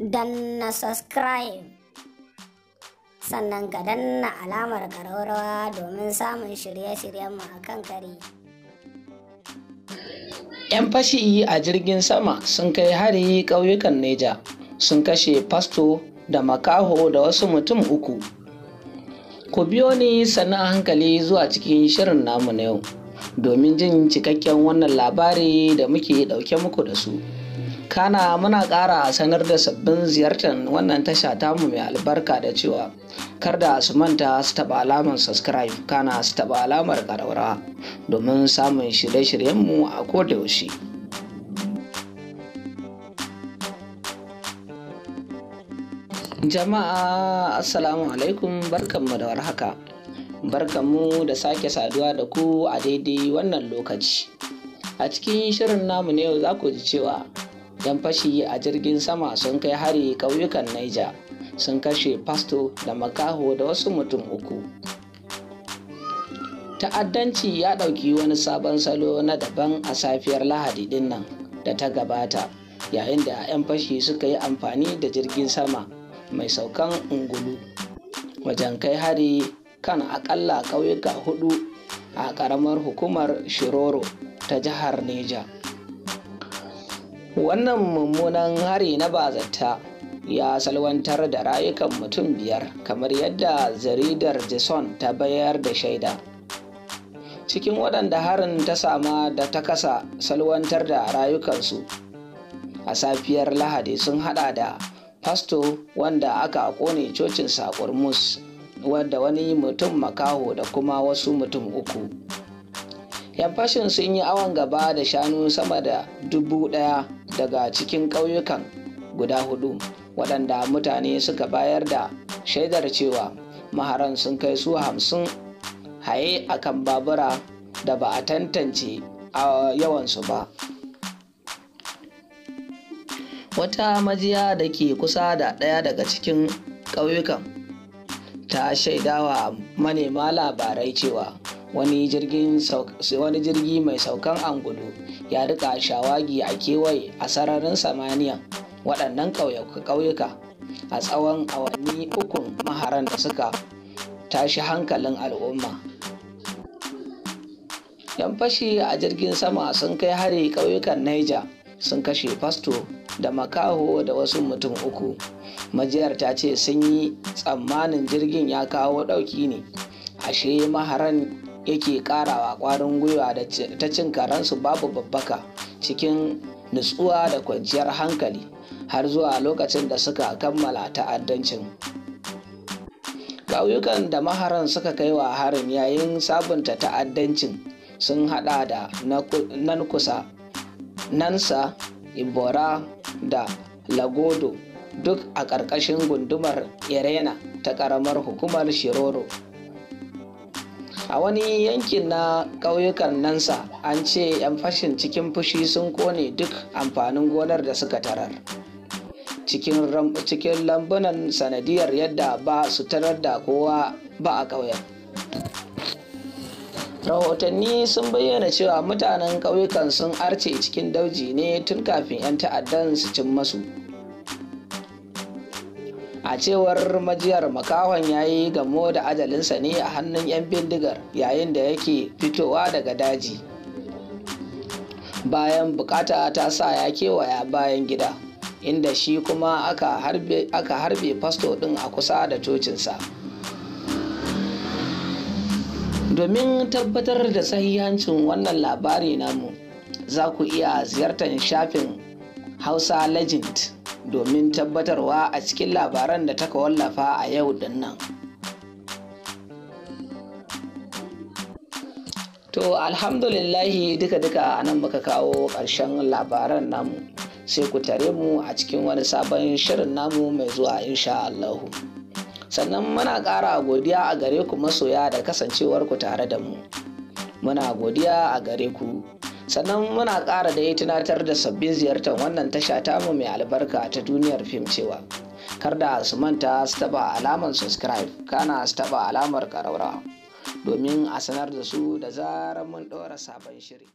Dan na subscribe sannan ka danna alamar ƙararrawa domin samun shirye-shiryenmu a kan kare. 'yan fashi a jirgin sama sun kai hari ƙauyukan neja sun kashe fasto da makaho da wasu mutum uku ku biyo ni sannan hankali zuwa cikin shirin namu na yau domin jin cikakken wannan labari da muke ɗauke muku da su. kana muna ƙara sanar da sabbin ziyartar wannan tasha tamu mai albarka da cewa kar da su manta su taba alamar subscribe kana su taɓa alamar karaura domin samun shirye-shiryenmu a kodayaushe. yaushe jama'a assalamu alaikum barkanmu da warhaka barkanmu da sake saduwa da ku a daidai wannan lokaci a cikin shirin namu ne yau za ku ji cewa 'yan fashi a jirgin sama sun kai hari ƙauyukan Niger sun kashe pasto da makaho da wasu mutum uku. Ta'addanci ya ɗauki wani sabon salo na daban a safiyar Lahadi ɗin nan da ta gabata yayin da 'yan fashi suka yi amfani da jirgin sama mai saukan ungulu wajen kai hari kan akalla ƙauyuka hudu a ƙaramar hukumar Shiroro ta jihar Niger. wannan mummunan hari na bazata ya salwantar da rayukan mutum biyar kamar yadda jaridar jason ta bayar da shaida cikin waɗanda harin ta sama da ta kasa salwantar da rayukansu a safiyar lahadi sun hada da fasto wanda aka kone cocin sakurmus wadda wani mutum makaho da kuma wasu mutum uku yan fashin sun yi awon gaba da shanu sama da dubu ɗaya daga cikin ƙauyukan guda hudu waɗanda mutane suka bayar da shaidar cewa maharan sun kai su hamsin haye a kan babura da ba a tantance a yawansu ba wata majiya da ke kusa da ɗaya daga cikin ƙauyukan ta shaidawa manema labarai cewa wani jirgi mai saukan angudu ya rika shawagi a kewaye a sararin samaniya waɗannan ƙauyuka a tsawon awanni ukun maharan da suka tashi hankalin al'umma yan fashi a jirgin sama sun kai hari ƙauyukan niger sun kashe fasto da makaho da wasu mutum uku majiyar ta ce sun yi tsammanin jirgin ya kawo ɗauki ne ashe maharan yake karawa kwarin gwiwa ta cin karansu babu babbaka cikin nutsuwa da kwanciyar hankali har zuwa lokacin da suka kammala ta'addancin ƙauyukan da maharan suka kai wa harin yayin sabunta ta'addancin sun hada da nan kusa nansa ibora da lagodo duk a ƙarƙashin gundumar irena ta ƙaramar hukumar shiroro a wani yankin na ƙauyukan nansa an ce 'yan fashin cikin fushi sun kone duk amfanin gonar da suka tarar cikin lambunan sanadiyar yadda ba su tarar da kowa ba a ƙauyen rahotanni sun bayyana cewa mutanen ƙauyukan sun arce cikin dauji ne tun kafin 'yan ta'addan su cin masu a cewar majiyar makahon ya yi gamo da ajalinsa ne a hannun 'yan bindigar yayin da yake fitowa daga daji bayan bukata ta sa ya kewaya bayan gida inda shi kuma aka harbe, fasto ɗin a kusa da cocinsa domin tabbatar da sahihancin wannan labari namu za ku iya ziyartar shafin hausa legend domin tabbatarwa a cikin labaran da taka wallafa a yau nan. To alhamdulillahi duka-duka nan muka kawo ƙarshen labaran namu sai ku tare mu a cikin wani sabon shirin namu mai zuwa insha Allahu. Sannan muna ƙara godiya a gare ku masoya da kasancewar ku tare da mu. Muna godiya a gare ku. sannan muna ƙara da ya tunatar da sabbin ziyartar wannan tasha tamu mai albarka ta duniyar fim cewa kar da su manta su taba alamar subscribe kana su taba alamar ƙaraura domin a sanar da su da zarar mun ɗora sabon shiri